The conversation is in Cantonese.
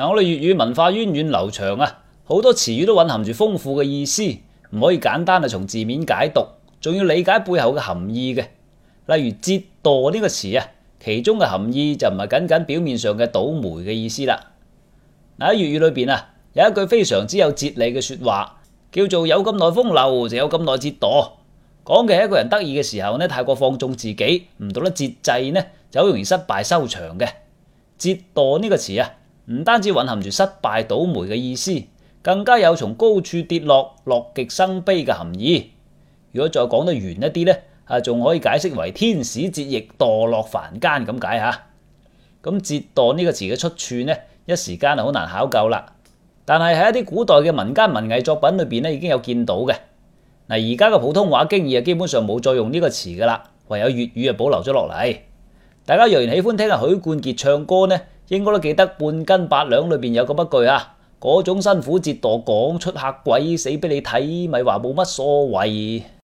嗱，我哋粵語文化源遠流長啊，好多詞語都蘊含住豐富嘅意思，唔可以簡單啊從字面解讀，仲要理解背後嘅含義嘅。例如“折墮”呢個詞啊，其中嘅含義就唔係僅僅表面上嘅倒霉嘅意思啦。嗱，喺粵語裏邊啊，有一句非常之有哲理嘅說話，叫做“有咁耐風流，就有咁耐折墮”。講嘅係一個人得意嘅時候呢，太過放縱自己，唔懂得節制呢，就好容易失敗收場嘅。折墮呢個詞啊。唔單止蘊含住失敗、倒霉嘅意思，更加有從高處跌落、樂極生悲嘅含義。如果再講得玄一啲呢啊，仲可以解釋為天使折翼墮落凡間咁解吓。咁、嗯“折墮”呢個詞嘅出處呢，一時間啊好難考究啦。但係喺一啲古代嘅民間文藝作品裏邊咧，已經有見到嘅。嗱，而家嘅普通話經已啊，基本上冇再用呢個詞噶啦，唯有粵語啊保留咗落嚟。大家若然喜歡聽阿許冠傑唱歌呢，應該都記得半斤八兩裏邊，有咁一句啊，嗰種辛苦折墮講出嚇鬼，死俾你睇，咪話冇乜所謂。